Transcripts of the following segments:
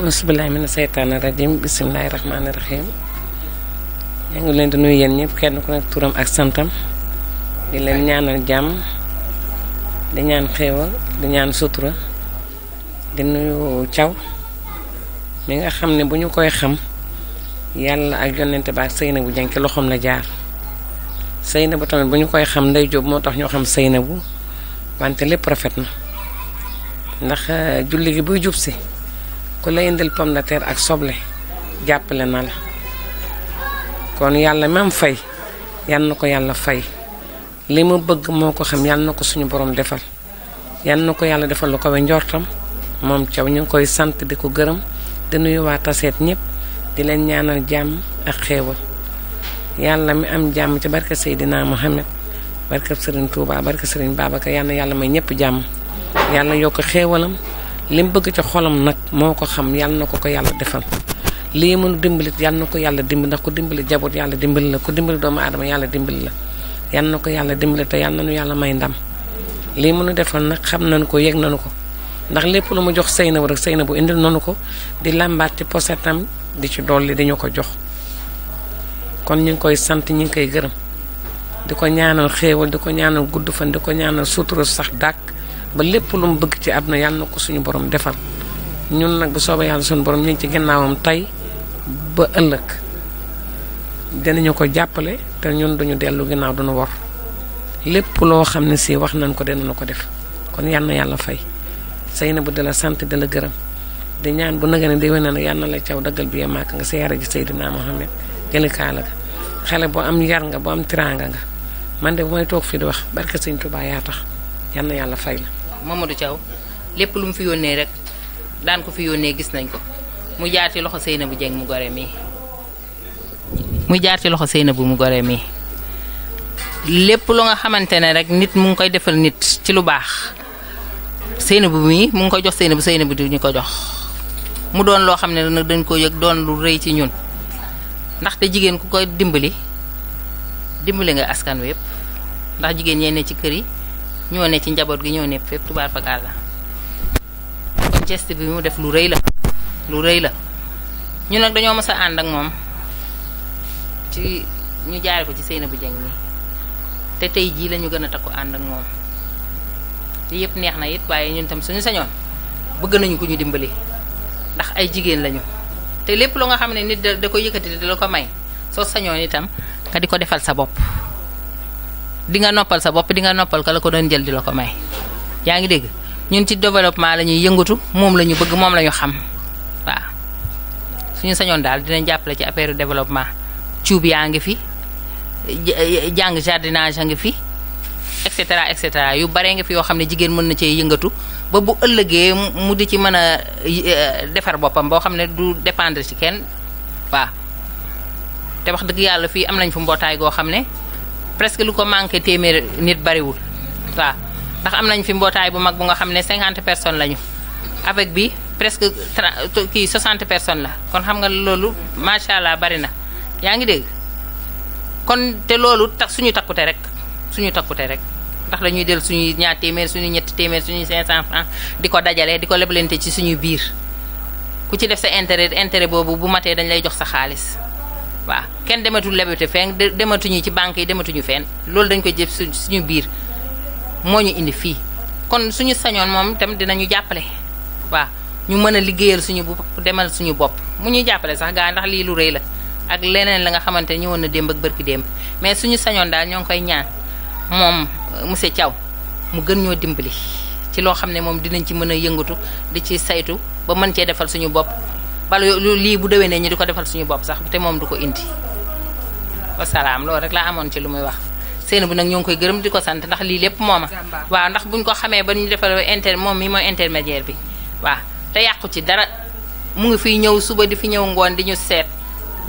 bisimilah mina seytaane rajim bisimilahi rahmaani rahim ñu ngi leen di nuyu yéen ñëpp kenn ku nekk turam ak santam di leen ñaanal jàmm di ñaan xéewal di ñaan sutura di nuyu caw mi nga xam ne bu ñu koy xam yàlla ak yonente ba ak sëyna bu jànki loxom la jaar sëyna bu tamit bu ñu koy xam ndey jóob moo tax ñoo xam sëyna bu wante lépp rafet na ndax eh, julli gi buy jub si ku la indil pomme de terre ak soble jàppale na la kon yàlla même fay yal na ko yàlla fay li ma bëgg moo ko xam yal na ko suñu borom defal yal na ko yàlla defal lu ko we njortam moom caw ñu ngi koy sant di ko gërëm di nuyu waa taseet ñëpp di leen ñaanal jàmm ak xéewal yàlla mi am jàmm ci barke Seydina Mohamed barke Serigne Touba barke Serigne Babacar yal na yàlla may ñëpp jàmm yàlla yokk xéewalam li mu bëgg ci xolam nag moo ko xam yàlla na ko ko yàlla defal lii mënu dimbalit yàlla na ko yàlla dimbali ndax ku dimbali jaboot yàlla dimbali la ku dimbali doomu adama yàlla dimbali la yàlla na ko yàlla dimbali te yàlla nañu yàlla may ndam lii mënu defal nag xam nañu ko yëg nañu ko ndax lépp lu ma jox sëy na bu rek sëy na bu indil nañu ko di làmbaat ci posetam di ci dolli dañu ko jox kon ñu ngi koy sant ñu ngi koy gërëm di ko ñaanal xéewal di ko ñaanal gudd fan di ko sax dàkk ba lépp lu mu bëgg ci àdduna yàlla na ko suñu borom defal ñun nag bu soobee yàlla suñu borom ñu ci ginnaawam tey ba ëllëg dinañu ko jàppale te ñun duñu dellu ginnaaw duñu war lépp loo xam ne si wax nañ ko dinañu ko def kon yàlla na yàlla fay say na bu dala sant dala gërëm di ñaan bu nagane di wéne nag yàlla na la caw daggal bi màkk nga siyaare ji Seydina Mohamed jëlikaa la ga xale boo am yar nga boo am tiranga nga man de bu may toog di wax barke sëñ yaa tax yàlla na fay la Mamadou Thiaw lépp lu mu fi yónnee rek daan ko fi yónnee gis nañ ko mu jaar ci loxo Seynabou Dieng mu gore mii mu jaar ci loxo Seynabou mu gore mii lépp lu nga xamante ne rek nit mu ngi koy defal nit ci lu baax bu mii mu ngi koy jox bu Seynabou bu di ñu ko jox mu doon loo xam ne nag dañ ko yëg doon lu rëy ci ñun ndaxte jigéen ku ko dimbali dimbali nga askan wi yëpp ndax jigéen ñee ci kër yi ñoo ne ci njaboot gi ñoo ne fépp tubaar fakaar la kon bi mu def lu rëy la lu rëy la ñu nag dañoo mës a ànd ak moom ci ñu jaare ko ci bu Dieng mi te tey jii lañu gën a takku ànd ak moom li yëpp neex na it waaye ñun tam suñu sañoon bëgg nañu ko ñu dimbali ndax ay jigéen lañu te lépp lu nga xam ne nit da da ko yëkkati da la ko may soo sañoon itam nga di ko defal sa bopp di nga noppal sa bopp dinga noppal ka la ko doon jël di la ko may yaa ngi dégg ñun ci développement la ñuy yëngatu moom la ñu bëgg moom la ñu xam waaw suñu sañoon daal dinañ jàppale ci affaire développement cuub yaa ngi fi jàng jardinage a ngi fi et cetera et cetera yu bare nga fi yoo xam ne jigéen mën na cee yëngatu ba bu ëllëgee mu di ci mën a e, defar boppam boo xam ne du dépendre ci kenn waa te wax dëgg yàlla fii am nañ fu mbootaay goo xam ne. presque lu ko manqué téeméer nit bariwul waa ndax am nañ fi mbootaay bu mag bu nga xam ne cinquante personnes lañu avec bi presque kii soixante personnes la kon xam nga loolu macha allah bari na yaa ngi dégg kon te loolu tax suñu takkute rek suñu takkute rek ndax dañuy del suñuy ñaar téeméer suñuy ñetti téeméer suñuy cinq cent francs di ko dajalee di ko leblente ci suñuy biir ku ci def sa intérêt intérêt boobu bu matee dañ lay jox sa xaalis waaw kenn dematul lebete fenn dematuñu ci banque yi dematuñu fenn loolu dañ koy jëf su suñu biir moo ñu indi fii kon suñu sañoon moom itam dinañu jàppale waaw ñu mën a liggéeyal suñu bopp demal suñu bopp mu ñuy jàppale sax gaa ndax lii lu rëy la ak leneen la nga xamante ne ñëwoon na démb ak bërki démb mais suñu sañoon daal ñoo ngi koy ñaan moom euh, monsieur Thiaw mu gën ñoo dimbali ci loo xam ne moom dinañ ci mën a yëngatu di ci saytu ba mën cee defal suñu bopp bala lii bu dewee ne ñu di ko defal suñu bopp sax te moom du ko indi wasalaam loolu rek laa amoon ci lu muy wax seen bu nag ñoo ngi koy gërëm di ko sant ndax lii lépp mooma waaw ndax buñ ko xamee ba ñu defal moom mi mooy intermédiaire bi waaw te yàqu ci dara mu ngi fiy ñëw suba di fi ñëw ngoon di ñu seet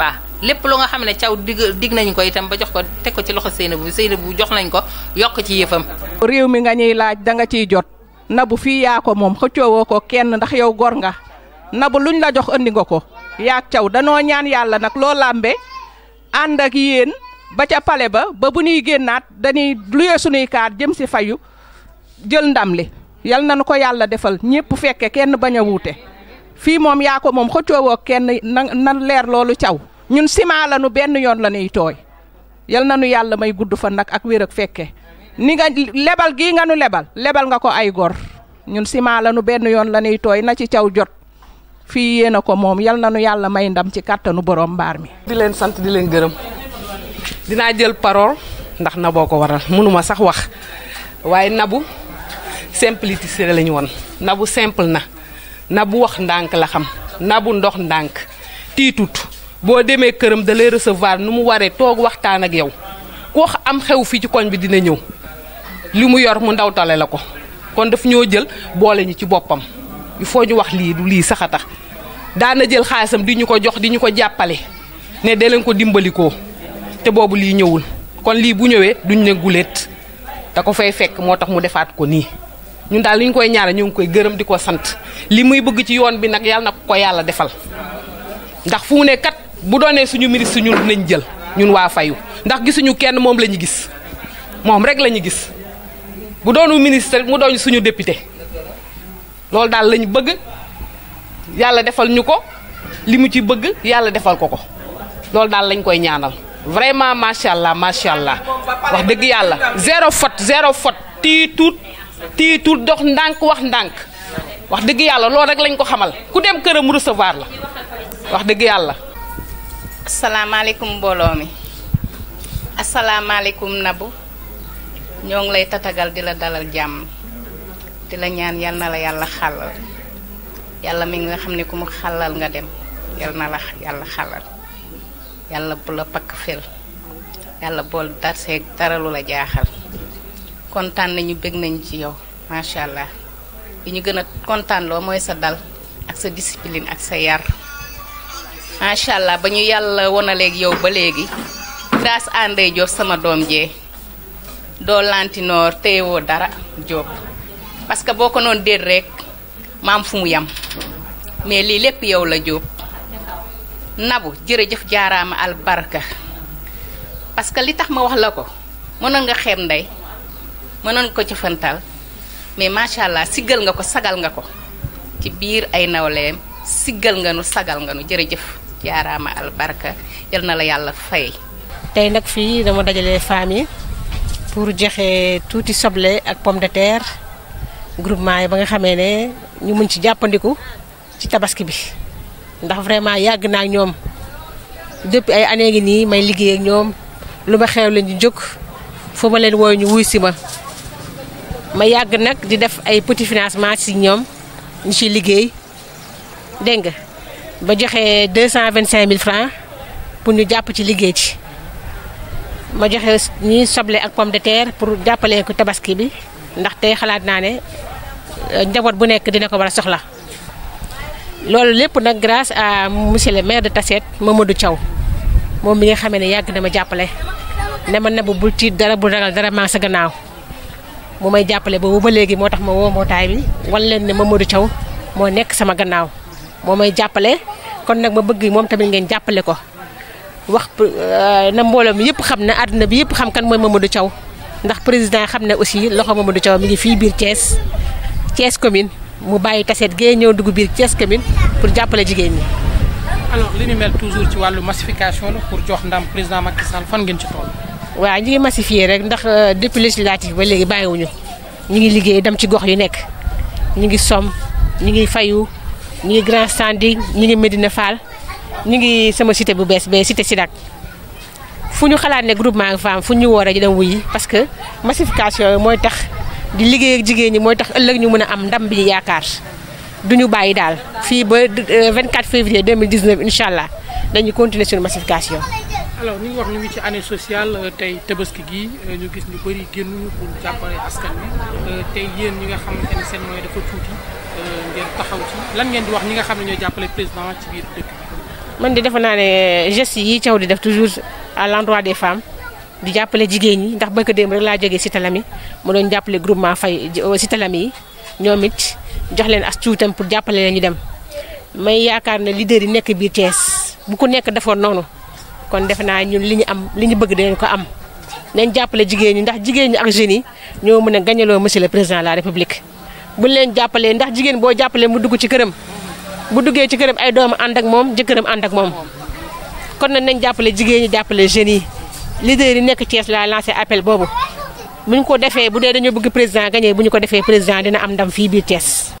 waaw lépp lu nga xam ne caw dig dig nañu ko itam ba jox ko teg ko ci loxo seen bu seen bu jox nañ ko yokk ci yëfam réew mi nga ñuy laaj da nga ciy jot na bu fii yaa ko moom xëccoowoo ko kenn ndax yow gor nga nabu luñ la jox andi nga ko yaa caw danoo ñaan yàlla nag loo làmbe ànd ak yéen ba ca pale ba ba bu ñuy génnaat dañuy luyee suñuy kaar jëm si fayu jël ndam li yal na ko yàlla defal ñépp fekke kenn bañ a wuute fii moom yaa ko moom xëccoowoo kenn na na leer loolu caw ñun ciment la nu benn yoon la nuy tooy yal na nu yàlla may gudd fa nag ak wér fekke ni nga lebal gii nga nu lebal lebal nga ko ay gor ñun ciment la nu benn yoon la nuy tooy na ci caw jot fii yéen a ko moom yal na nu yàlla may ndam ci kàttanu borom mbaar mi. di leen sant di leen gërëm dinaa jël parole ndax na boo ko waral mënuma sax wax waaye nabu simplicité lañu woon nabu simple na bu wax ndànk la xam na bu ndox ndànk tiitut boo demee këram da lay recevoir nu mu waree toog waxtaan ak yow ku wax am xew fii ci koñ bi dina ñëw li mu yor mu ndaw tale la ko kon daf ñoo jël boole ñu ci boppam il ñu wax lii du lii sax a tax daana jël xaalisam di ñu ko jox di ñu ko jàppale ne de leen ko dimbalikoo te boobu lii ñëwul kon lii bu ñëwee duñ ne guléet da ko fay fekk moo tax mu defaat ko nii ñun daal li ñu koy ñaanal ñu ngi koy gërëm di ko sant li muy bëgg ci yoon bi nag yàlla na ko yàlla defal ndax fu mu ne kat bu doonee suñu ministre ñun dinañ jël ñun waa fayu ndax gisuñu kenn moom la ñu gis moom rek la ñu gis bu doonu ministre mu doon suñu député loolu daal lañu bëgg yàlla defal ñu ko li mu ci bëgg yàlla defal ko ko loolu daal lañ koy ñaanal vraiment macha allah macha allah wax dëgg yàlla zéro fot zéro faute tiitut tiitut dox ndànk wax ndànk wax dëgg yàlla lool rek lañ ko xamal ku dem këram recevoir la wax dëgg yàlla. asalaamaaleykum mbooloo mi asalaamaaleykum nabu ñoo ngi lay tatagal di la dalal jàmm di la ñaan yal na yàlla xàllal. yàlla mi nga xam ne ku mu xalal nga dem yàlla na la yàlla xalal yàlla bu la pakk fel yàlla bool darseeg dara lu la jaaxal kontaan nañu bég nañ ci yow macha allah li ñu gën a kontaan loo mooy sa dal ak sa discipline ak sa yar macha allah ba ñu yàlla wonaleeg yow ba léegi grâce à Ndeye sama doom jee doo lantinoor téyewoo dara Diop parce que boo ko noon rek ma fu mu yem mais lii lépp yow la jóob nabu jërëjëf jaaraama albarka parce que li tax ma wax la ko mënoon nga xeeb ndey mënoon ko jëfantal mais macha allah siggal nga ko sagal nga ko ci biir ay nawleem siggal nga nu sagal nga nu jërëjëf jaaraama albarka yal na la yàlla fay. tey nag fii dama dajale femmes yi pour joxe tuuti soble ak pomme de terre groupement yi ba nga xamee ne. ñu mën ci jàppandiku ci tabaski bi ndax vraiment yàgg naa ñoom depuis ay année ngi nii may liggéey ak ñoom lu ma xew la ñu jóg foofu ma leen wooyu ñu wuy si ma ma yàgg nag di def ay petit financement si ñoom ñu ciy liggéey dégg nga ba joxe deux cent vingt cinq mille francs pour ñu jàpp ci liggéey ci ma joxe ñuy soble ak pomme de terre pour jàppalee ko tabaski bi ndax tey xalaat naa ne njaboot bu nekk dina ko war a soxla loolu lépp nag grâce a mu le maire de taset ma Mamadou Thiaw moom mi nga xamee ne yàgg na ma jàppale ne ma ne bu bul tiit dara bu ragal dara maa sa gannaaw mu may jàppale boobu ba léegi moo tax ma mbootaay bi wan leen ne Mamadou Thiaw moo nekk sama gannaaw moo may jàppale kon nag ma bëgg moom tamit ngeen jàppale ko wax euh, na mbooloo mi yëpp xam ne àdduna bi yëpp xam kan mooy Mamadou caw ndax président xam ne aussi loxo Mamadou Thiaw mi ngi fii biir Thiès Thiès commune mu bàyyi kaset gee ñëw dugg biir Thiès commune pour jàppale jigéen ñi. alors li ni mel toujours ci wàllu massification la pour jox ndam président Macky Sall fan ngeen ci tool waaw ñu ngi massifié rek ndax euh, depuis législative ba léegi bàyyiwuñu ñu ngi liggéey dem ci gox yu nekk ñu ngi som ñu ngi fayu ñu ngi grand standing ñu ngi Medina Fall ñu ngi sama cité bu bees bee cité Sidak fu ñu xalaat ne groupement femme fu ñu wooree ñu dem wuyi parce que massification mooy tax. di liggéey ak jigéen ñi mooy tax ëllëg ñu mën a am ndam bi yaakaar du ñu bàyyi daal fii ba euh, vingt 24 février 2019 incha allah dañuy continuer suñu massification. alors ñu ngi wax ñu ngi ci année sociale euh, tey tabaski gi euh, ñu gis ñu bëri génnuñu pour jàppale askan bi tey yéen ñi nga xam ne seen mooy dafa tuuti ngeen taxaw ci lan ngeen di wax ñi nga xam ne ñoo jàppale président ci biir dëkk man de defe naa ne gestes yi caw di def toujours à l'endroit des femmes. di jàppale jigéen ñi ndax bëgg démb rek laa jógee si talami mu doon jàppale groupement fay si talami yi ñoom it jox leen as tuutam pour jàppale leen ñu dem may yaakaar na ne leader yi nekk biir Thiès bu ko nekk defoon noonu kon defe naa ñun li ñu am li ñu bëgg dinañ ko am nañ jàppale jigéen ñi ndax jigéen ñi ak jeunes ñoo mën a gañaloo monsieur le président de la république bu leen jàppalee ndax jigéen boo jàppalee mu dugg ci këram bu duggee ci këram ay doomu ànd ak moom jëkkëram ànd ak moom kon nag nañ jàppale jigéen ñi jàppale jeunes yi leader yi nekk Thiès laa lancé appel boobu bu ñu ko defee bu dee dañoo bëgg président gagné bu ñu ko defee président dina am ndam fii biir Thiès